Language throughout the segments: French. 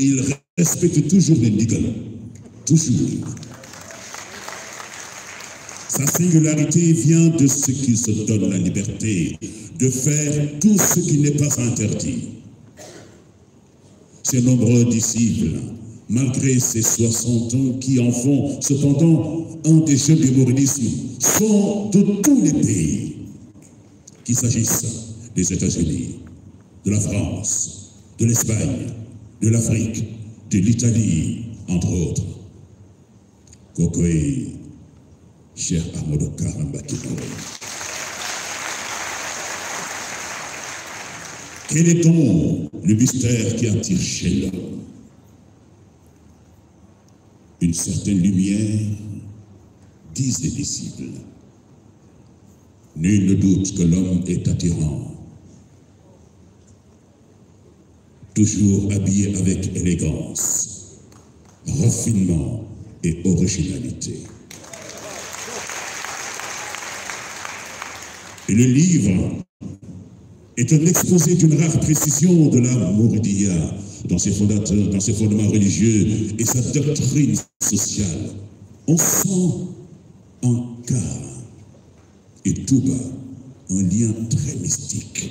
il respecte toujours les ligues. Toujours. Sa singularité vient de ce qu'il se donne la liberté de faire tout ce qui n'est pas interdit. Ses nombreux disciples, malgré ses 60 ans qui en font cependant un déchet du mouridisme, sont de tous les pays, qu'il s'agisse des États-Unis, de la France, de l'Espagne, de l'Afrique, de l'Italie, entre autres. Kokoe, cher Amadou Quel est donc le mystère qui attire chez l'homme Une certaine lumière, disent les disciples. Nul ne doute que l'homme est attirant toujours habillé avec élégance, raffinement et originalité. Et le livre est un exposé d'une rare précision de la Mouridia dans ses fondateurs, dans ses fondements religieux et sa doctrine sociale. On sent en cas et tout bas un lien très mystique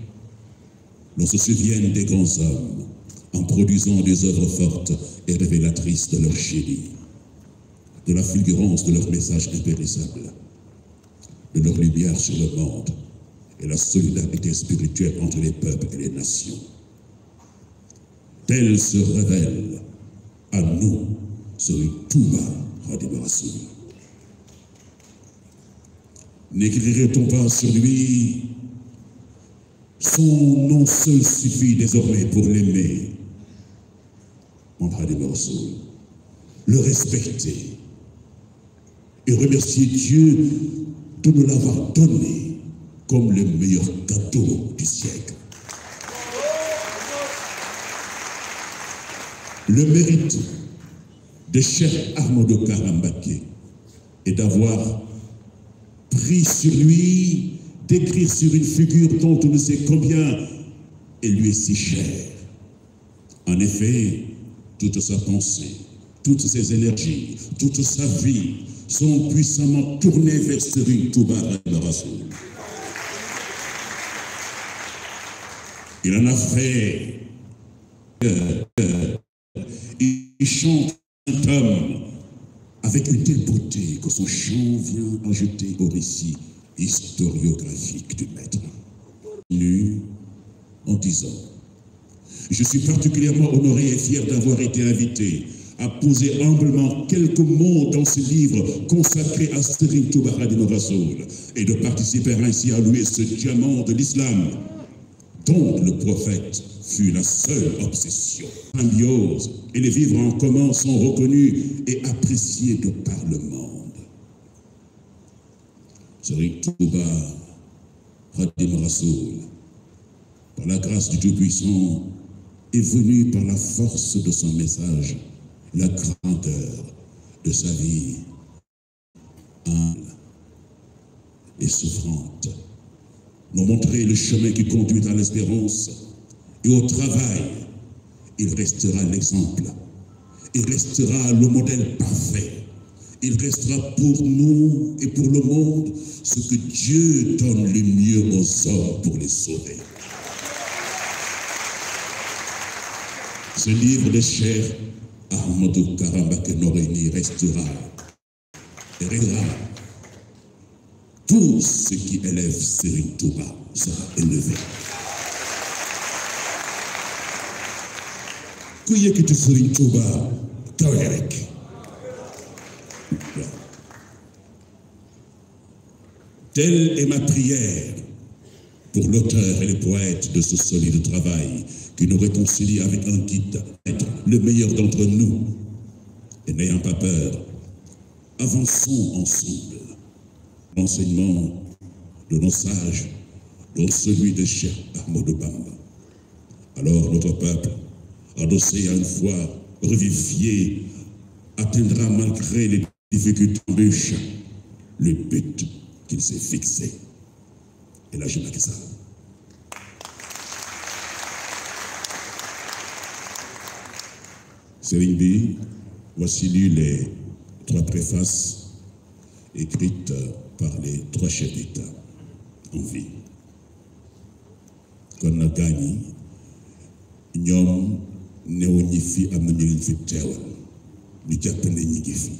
On se souvienne des grands hommes en produisant des œuvres fortes et révélatrices de leur génie, de la fulgurance de leur message impérissable, de leur lumière sur le monde et la solidarité spirituelle entre les peuples et les nations. Tel se révèle à nous sur Touba Radibarasoui. N'écrirait-on pas sur lui son nom seul suffit désormais pour l'aimer. Mon des morceaux, le respecter et remercier Dieu de nous l'avoir donné comme le meilleur gâteau du siècle. Le mérite de cher Armando Karambake est d'avoir pris sur lui d'écrire sur une figure dont on ne sait combien elle lui est si chère. En effet, toute sa pensée, toutes ses énergies, toute sa vie sont puissamment tournées vers ce de la rasoul Il en a fait. Euh, euh, il chante un homme avec une telle beauté que son chant vient ajouter au récit historiographique du maître. Nu en disant Je suis particulièrement honoré et fier d'avoir été invité à poser humblement quelques mots dans ce livre consacré à Sering et de participer ainsi à louer ce diamant de l'islam dont le prophète fut la seule obsession. Symbiose et les vivres en commun sont reconnus et appréciés de parlement. Ce Touba, Radim par la grâce du Dieu puissant est venu par la force de son message, la grandeur de sa vie, humble et souffrante, nous montrer le chemin qui conduit à l'espérance et au travail. Il restera l'exemple, il restera le modèle parfait il restera pour nous et pour le monde ce que Dieu donne le mieux aux hommes pour les sauver. Ce livre de cher Ahmadou Karambake Noreni restera, restera. Tout ce qui élève Touba sera élevé. Telle est ma prière pour l'auteur et le poète de ce solide travail qui nous réconcilie avec un guide, être le meilleur d'entre nous. Et n'ayant pas peur, avançons ensemble. L'enseignement de nos sages, dont celui de Cheikh Ahmadobamba. Alors notre peuple, adossé à une foi revivifiée, atteindra malgré les il que tu riche le but qu'il s'est fixé. Et là, je marque ça. Sering voici les trois préfaces écrites par les trois chefs d'État en vie. Konagani, Nyom, Neonifi, Amnamirin Fiptewan, Nikiapende Nigifi.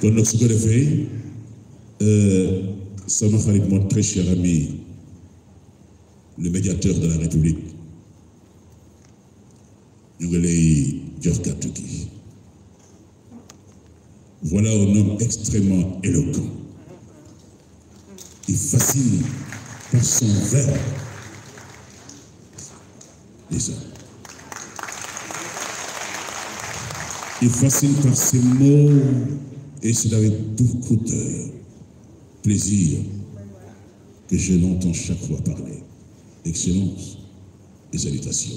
kon nag su ko defee euh, sama xarit mon très cher ami le médiateur de la république ñu ngi voilà un homme extrêmement éloquent il fascine par son verbe les hommes il fascine par ses mots et c'est avec beaucoup de plaisir que je l'entends chaque fois parler. Excellence et salutations.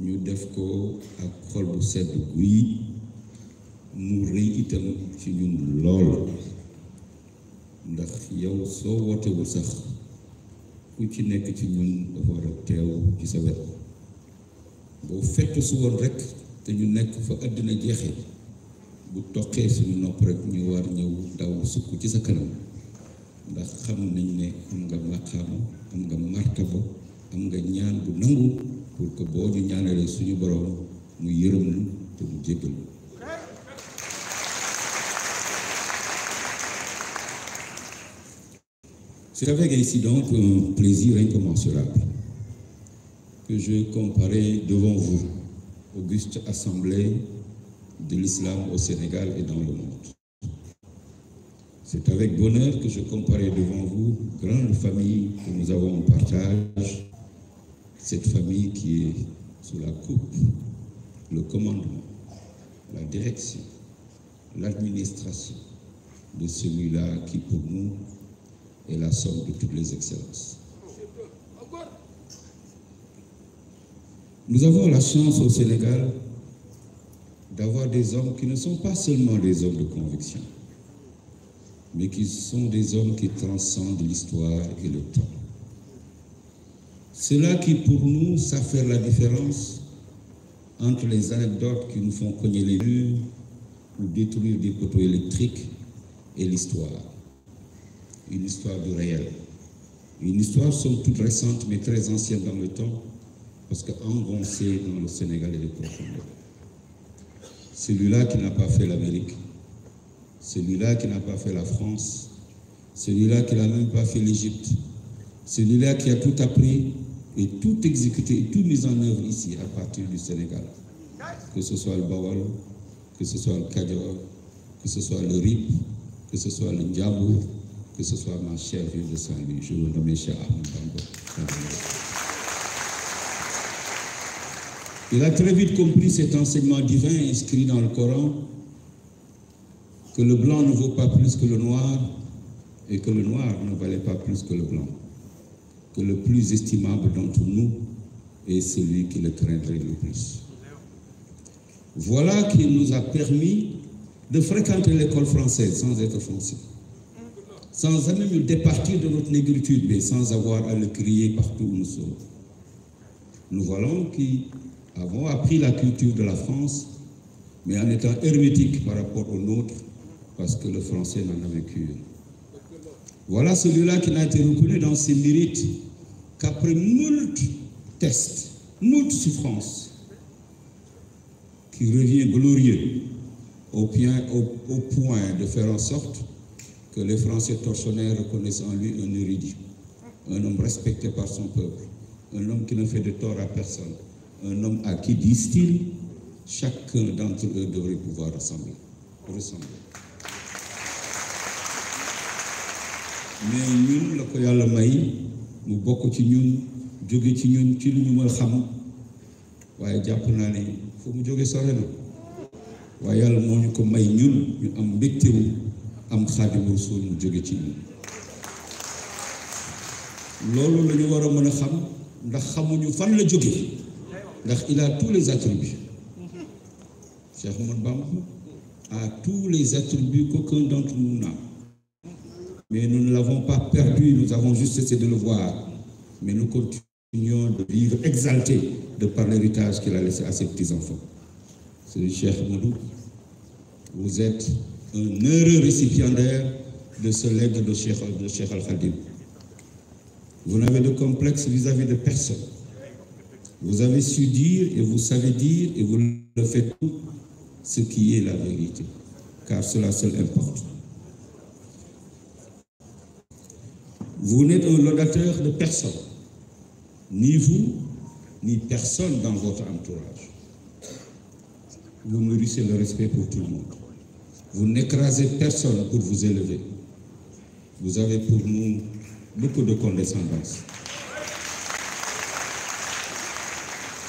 ñu def ko ak xol bu sedd guy mu rëy itam ci ñun lool ndax yow soo wootewul sax ku ci nekk ci ñun dafa war a teew ci sa wet boo fett su woon rek te ñu nekk fa àddina jeexe bu toqee suñu nopp rek ñu war ñëw daw sukk ci sa kanam ndax xam nañ ne am nga maqaama am nga martaba am nga ñaan bu nangu pour que nous C'est avec ainsi donc un plaisir incommensurable que je comparais devant vous, auguste assemblée de l'islam au Sénégal et dans le monde. C'est avec bonheur que je comparais devant vous, grande famille que nous avons en partage, cette famille qui est sous la coupe, le commandement, la direction, l'administration de celui-là qui pour nous est la somme de toutes les excellences. Nous avons la chance au Sénégal d'avoir des hommes qui ne sont pas seulement des hommes de conviction, mais qui sont des hommes qui transcendent l'histoire et le temps. C'est là qui, pour nous, ça fait la différence entre les anecdotes qui nous font cogner les murs ou détruire des poteaux électriques et l'histoire. Une histoire du réel. Une histoire, somme toute récente, mais très ancienne dans le temps, parce qu'engoncée dans le Sénégal et le profondeurs. Celui-là qui n'a pas fait l'Amérique, celui-là qui n'a pas fait la France, celui-là qui n'a même pas fait l'Égypte, celui-là qui a tout appris et tout exécuté, tout mis en œuvre ici à partir du Sénégal. Que ce soit le Bawal, que ce soit le Kadior, que ce soit le RIP, que ce soit le que ce soit ma chère ville de Saint-Louis. Je vous remercie, Il a très vite compris cet enseignement divin inscrit dans le Coran que le blanc ne vaut pas plus que le noir et que le noir ne valait pas plus que le blanc que le plus estimable d'entre nous est celui qui le craindrait le plus. Voilà qui nous a permis de fréquenter l'école française sans être français, sans même nous départir de notre négritude, mais sans avoir à le crier partout où nous sommes. Nous voilà qui avons appris la culture de la France, mais en étant hermétique par rapport au nôtre, parce que le français n'en a vécu. Voilà celui-là qui n'a été reconnu dans ses mérites qu'après moult tests, moult souffrances, qui revient glorieux au point, de faire en sorte que les Français tortionnaires reconnaissent en lui un érudit, un homme respecté par son peuple, un homme qui ne fait de tort à personne, un homme à qui, disent-ils, chacun d'entre eux devrait pouvoir ressembler. mais ñun la ko may mu ci ñun la tous les attributs Cheikh a tous les attributs qu'aucun d'entre nous n'a mais nous ne l'avons pas perdu, nous avons juste cessé de le voir. Mais nous continuons de vivre exaltés de par l'héritage qu'il a laissé à ses petits-enfants. C'est cher Moudou. Vous êtes un heureux récipiendaire de ce legs de Cheikh, Al-Khadim. Vous n'avez de complexe vis-à-vis -vis de personne. Vous avez su dire et vous savez dire et vous le faites tout ce qui est la vérité, car cela seul importe. Vous n'êtes un laudateur de personne, ni vous, ni personne dans votre entourage. Vous méritez le respect pour tout le monde. Vous n'écrasez personne pour vous élever. Vous avez pour nous beaucoup de condescendance.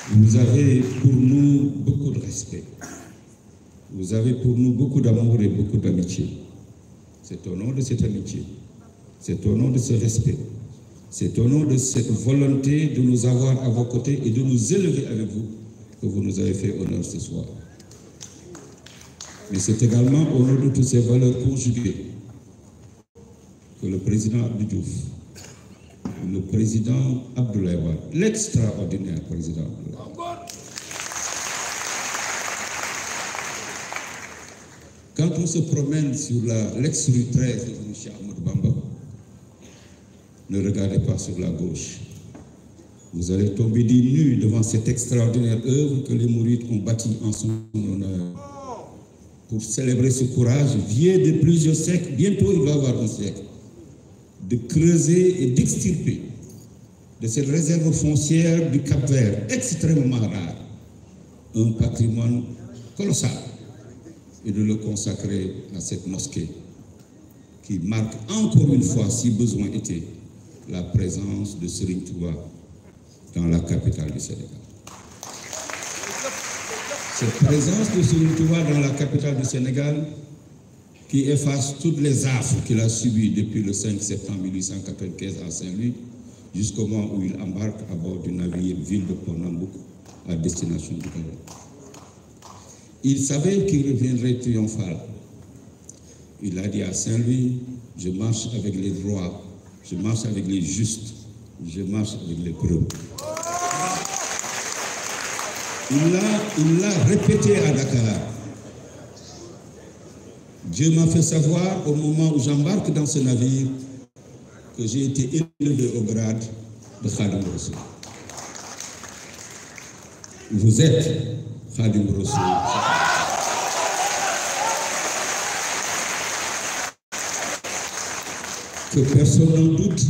Vous avez pour nous beaucoup de respect. Vous avez pour nous beaucoup d'amour et beaucoup d'amitié. C'est au nom de cette amitié c'est au nom de ce respect, c'est au nom de cette volonté de nous avoir à vos côtés et de nous élever avec vous que vous nous avez fait honneur ce soir. Mais c'est également au nom de toutes ces valeurs conjuguées que le président Abdou le président Abdoulaye l'extraordinaire président Quand on se promène sur l'ex-rue de M. Ahmed Bamba, ne regardez pas sur la gauche. Vous allez tomber des nues devant cette extraordinaire œuvre que les Mourides ont bâtie en son honneur. Pour célébrer ce courage, vieux de plusieurs siècles, bientôt il va y avoir un siècle, de creuser et d'extirper de cette réserve foncière du Cap-Vert, extrêmement rare, un patrimoine colossal, et de le consacrer à cette mosquée qui marque encore une fois, si besoin était, la présence de Serine Touba dans la capitale du Sénégal. Cette présence de Serine Touba dans la capitale du Sénégal qui efface toutes les affres qu'il a subies depuis le 5 septembre 1895 à Saint-Louis jusqu'au moment où il embarque à bord du navire Ville de Pornambouc à destination du Cameroun. Il savait qu'il reviendrait triomphal. Il a dit à Saint-Louis, je marche avec les droits je marche avec les justes. Je marche avec les preuves. Il l'a répété à Dakar. Dieu m'a fait savoir au moment où j'embarque dans ce navire que j'ai été élevé au grade de Khadim Rousseau. Vous êtes Khadim Rousseau. que personne n'en doute,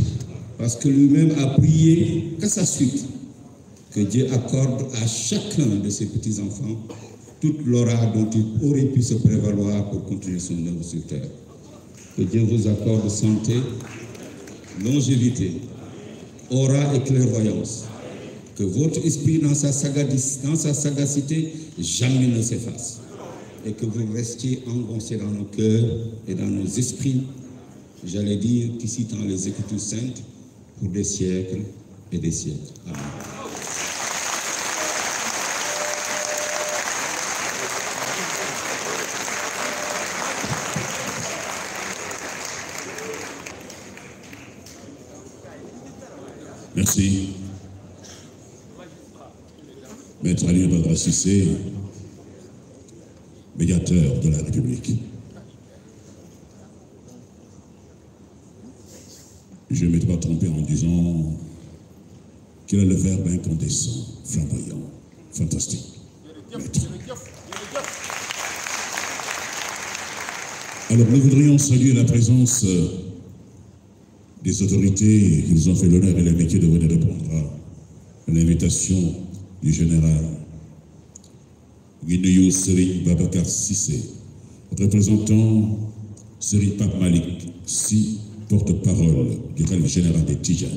parce que lui-même a prié qu'à sa suite, que Dieu accorde à chacun de ses petits-enfants toute l'aura dont il aurait pu se prévaloir pour continuer son œuvre sur terre. Que Dieu vous accorde santé, longévité, aura et clairvoyance. Que votre esprit, dans sa, sagacité, jamais ne s'efface. Et que vous restiez engoncés dans nos cœurs et dans nos esprits J'allais dire qu'ici dans les Écritures saintes pour des siècles et des siècles. Amen. Merci. Maître Ali Badrassissé, médiateur de la République. Je ne vais pas trompé en disant qu'il a le verbe incandescent, flamboyant, fantastique. Alors nous voudrions saluer la présence euh, des autorités qui nous ont fait l'honneur et l'amitié de venir répondre à l'invitation du général Guineyo Seri Babakar Sissé, représentant Seri Papmalik Malik Si porte-parole du règne général des Tijan.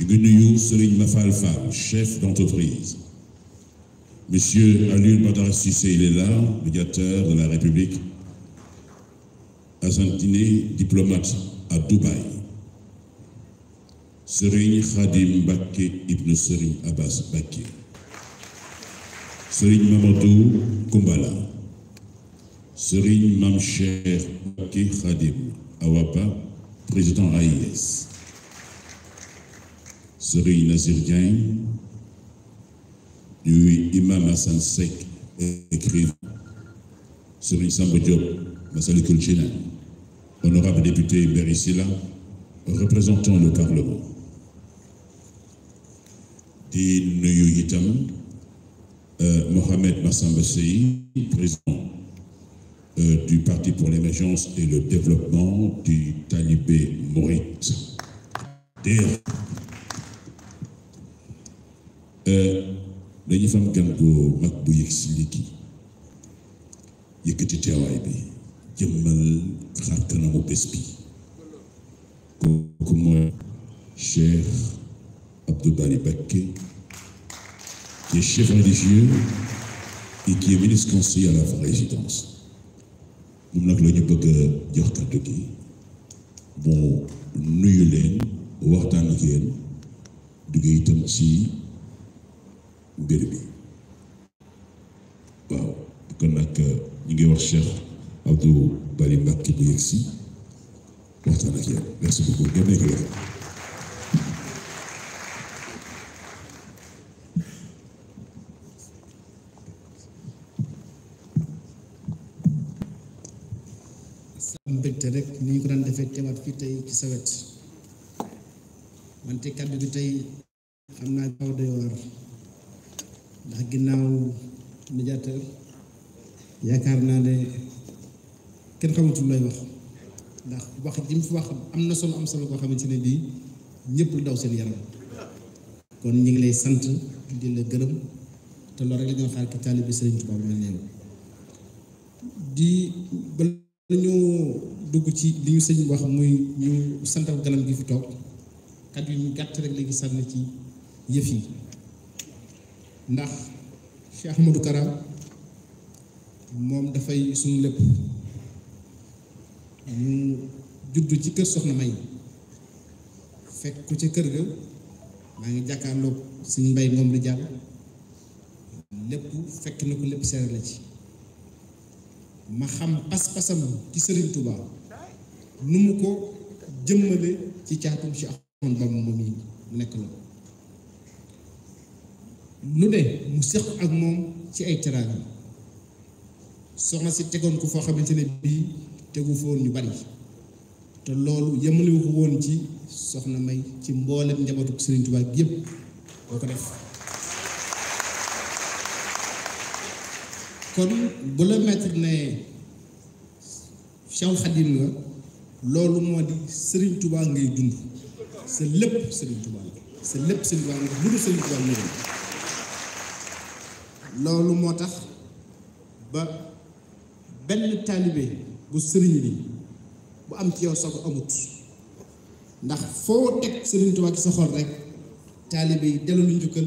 Gunuyu Serigne Mafal chef d'entreprise. Monsieur Alul Badara il est là, médiateur de la République. Azantine, diplomate à Dubaï. Serigne Khadim Baké Ibn Serigne Abbas Baké. Serigne Mamadou Kumbala, Serine Mamcher Baki Khadim Awapa, président AIS. Serine Nazir Diagne, du Imam Hassan Sek, écrivain. Serine Sambo Diop, Kulchina, honorable député Berissila, représentant le Parlement. Dine Yuyitam, euh, Mohamed Massamba président du Parti pour l'émergence et le développement du Talibé Maurice. Euh, fam qui est chef religieux et qui est ministre conseiller à la résidence moom nag la ñu bëgg a gi mu nuyu leen waxtaan ak yéen duggee itam ci mbir bi waaw kon nag ñu ngi wax Cheikh Abdou Bari Mbacké bu yegg si waxtaan ak yéen merci beaucoup ngeen nekk teewaat fii tey ci sa wet wante kàddu gi tey xam naa kaw doy waar ndax ginnaaw médiateur yaakaar naa ne kenn xamatul lay wax ndax wax ji mu fi wax am na solo am solo koo xamante ne bii ñëpp daw seen yaram kon ñu ngi lay sant di la gërëm te loolu rek la ñoo xaar ki taalibe Sëriñ Tuubaa bu mel ne yow di ñu ci li ñu sëñ wax muy ñu santal ganam gi fi toog kàddu yi ñu gàtt rek léegi sànni ci yëf yi ndax Cheikh Ahmadou Kara moom dafay suñu lépp ñu juddu ci kër soxna may fekk ku ci kër ga maa ngi jàkkaarloog suñu mbay moom di jàll lépp fekk na ko lépp seere la ci ma xam pas-pasam ci Serigne Touba nu mu ko jëmmale ci caatum ci Ahmadu Bamba moom yi nekk la lu ne mu séq ak moom ci ay teraanga soxna si tegoon ko foo xamante ne bii tegu foon ñu bari te loolu yemalewu ko woon ci soxna may ci mboolem njabootu Serigne Touba yëpp boo ko def kon bu la maître ne Cheikh Khadim nga loolu moo di Serigne Touba ngay dund sa lépp Serigne Touba la sa nga bu dul Serigne Touba loolu moo tax ba benn taalibe bu sëriñ bi bu am ci yow sago amut ndax foo teg Serigne Touba ci sa xol rek taalibe yi dellu njukkal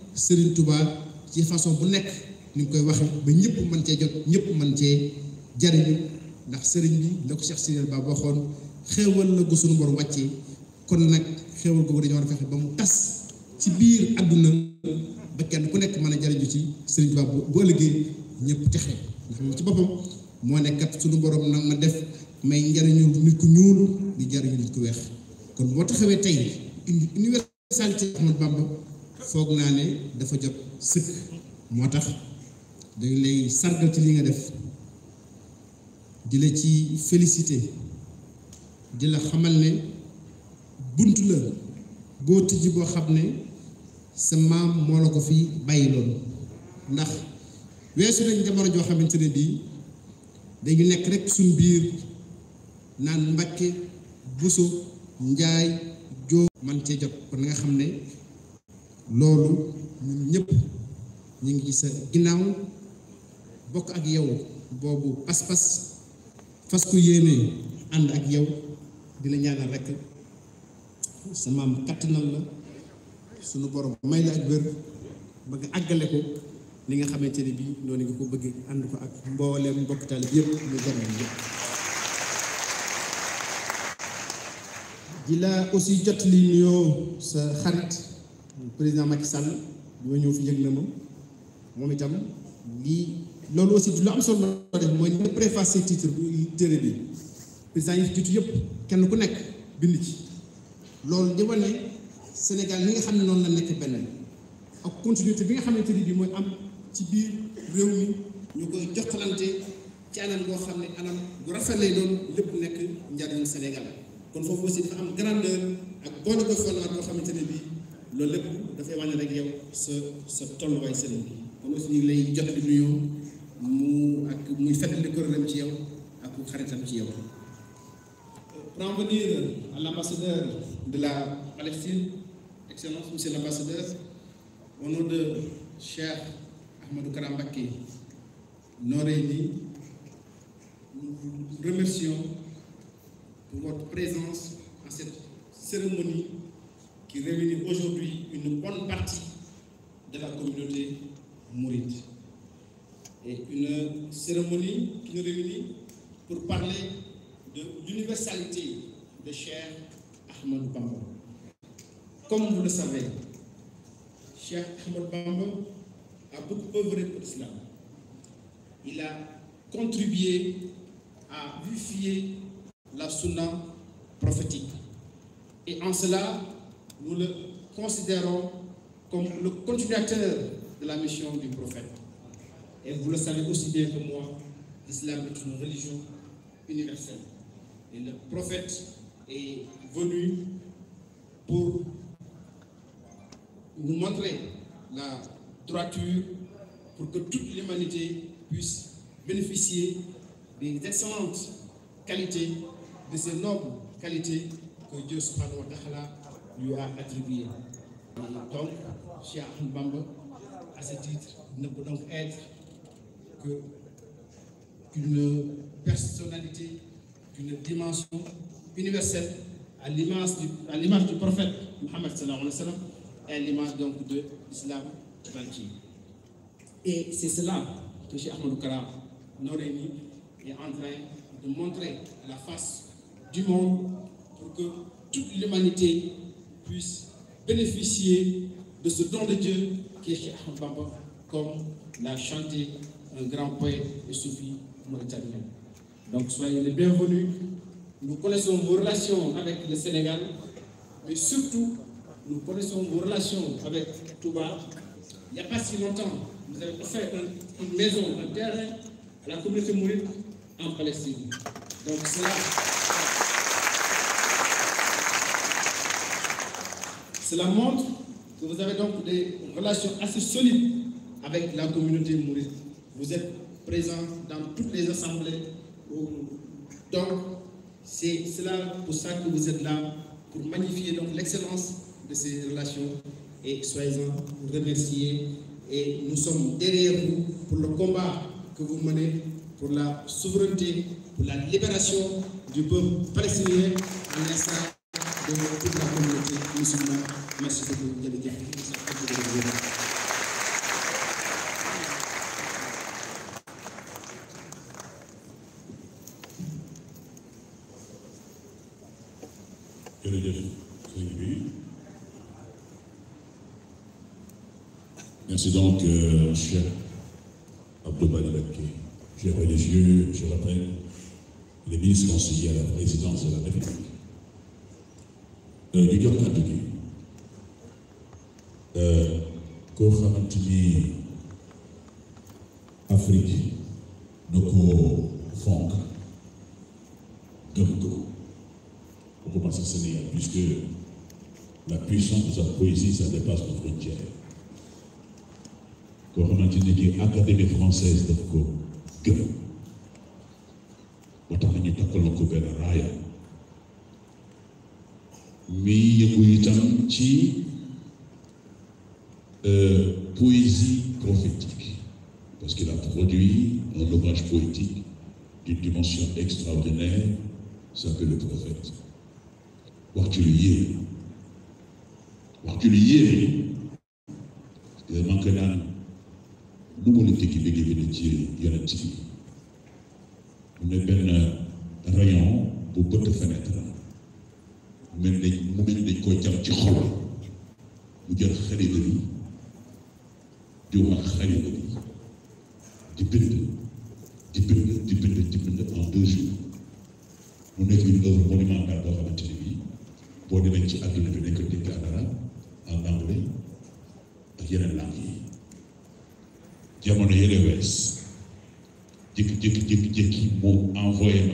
Serigne Touba ci façon bu nekk ni nga koy waxe ba ñëpp mën cee jot ñëpp mën cee jariñu ndax sëriñ bi la ko Cheikh Sidel Ba waxoon xéewal la gu suñu borom wàccee kon nag xéewal googu dañoo war a fexe ba mu tas ci biir àdduna ba kenn ku nekk mën a jariñu ci Serigne Touba bu ñëpp texe ndax moom ci boppam moo nekkat suñu borom nag ma def may njariñu nit ku ñuul di jariñu ku weex kon boo taxawee tey universalité Ahmad Bamba foog naa ne dafa jot sëkk moo tax dañ lay sargal ci li nga def di la ci félicité di xamal ne bunt la boo tijji boo xam ne sa maam moo la ko fi bàyyi loolu ndax weesu nañ jamono joo xamante ne bii dañu nekk rek suñ biir naan Mbacké busu Njaay Jóob man cee jot kon nga xam ne loolu ñun ñëpp ñu ngi sa ginnaaw bokk ak yow boobu pas-pas fas ku ànd ak yow dina ñaanal rek sa maam kattanal la sunu borom may la ak wér ba nga àggale ko li nga xamante ne bii noonu nga ko bëgg ànd ko ak mbooleem mbokk taalib yëpp ñu gërëm yëpp di la aussi jot li nuyoo sa xarit président Macky Sall ñoo ñëw fi yëg na ma moom itam lii loolu aussi lu am solo la def mooy ñu préfacé titre bu téere bi président yi jiitu yëpp kenn ku nekk bind ci loolu di wane Sénégal li nga xam ne noonu la nekk benn ak continuité bi nga xamante ni bi mooy am ci biir réew mi ñu koy joxalante ci anam boo xam ne anam bu rafet lay doon lépp nekk njariñu Sénégal kon foofu aussi dafa am grandeur ak bonne gouvernance boo xamante ne bii loolu lépp dafay wane rek yow sa sa tolluwaay sëriñ bi kon aussi ñu lay jot di nuyoo mu ak muy fàttali kuréelam ci yow ak xaritam ci yow. pour en venir à l'ambassadeur de la Palestine excellence monsieur l'Ambassadeur, au nom de Cheikh Ahmadou Kara Mbacké nous vous remercions pour votre présence à cette cérémonie qui réunit aujourd'hui une bonne partie de la communauté mouride. Et une cérémonie qui nous réunit pour parler de l'universalité de Cher Ahmed Bambo. Comme vous le savez, Cher Ahmed Bamba a beaucoup œuvré pour l'islam. Il a contribué à vivifier la sunna prophétique. Et en cela, nous le considérons comme le continuateur de la mission du prophète. Et vous le savez aussi bien que moi, l'islam est une religion universelle. Et le prophète est venu pour nous montrer la droiture pour que toute l'humanité puisse bénéficier des excellentes qualités, de ces nobles qualités que Dieu subhanahu wa lui a attribué. Donc, Cheikh Bamba, à ce titre, ne peut donc être qu'une personnalité, qu'une dimension universelle à l'image du, du, prophète Mohammed et à l'image donc de l'islam Et c'est cela que Cheikh Ahmed Karam Noreni est en train de montrer à la face du monde pour que toute l'humanité puisse bénéficier de ce don de Dieu qui est chez comme l'a chanté un grand poète et soufi mauritanien. Donc soyez les bienvenus. Nous connaissons vos relations avec le Sénégal, mais surtout, nous connaissons vos relations avec Touba. Il n'y a pas si longtemps, vous avez offert une, maison, un terrain à la communauté mouride en Palestine. Donc Cela montre que vous avez donc des relations assez solides avec la communauté mouriste. Vous êtes présent dans toutes les assemblées. Donc, c'est cela pour ça que vous êtes là, pour magnifier l'excellence de ces relations. Et soyez-en remerciés. Et nous sommes derrière vous pour le combat que vous menez pour la souveraineté, pour la libération du peuple palestinien en de toute la communauté musulmane merci beaucoup d'avoir été merci donc euh, cher religieux je rappelle les ministres conseillers à la présidence de la République euh, euh, koo xamante ni Afrique da koo fonk gëm ko on commence Sénégal puisque la puissance de sa poésie ça dépasse nos frontières koo xamante ni ci académie française daf ko gëm moo tax nañu takkaloo ko benn raaya mi yëgu itam ci euh, poésie prophétique, parce qu'elle a produit un ouvrage poétique d'une dimension extraordinaire, s'appelle le prophète. Wartulier. Wartulier, c'est là, nous était qui bégaye de Dieu, il y a un petit. On est bien euh, rayon pour peu de fenêtre. Nous mettons des coins qui collent. Nous des c'est di deux jours envoyé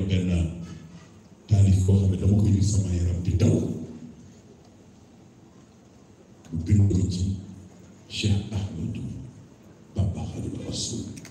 do próximo.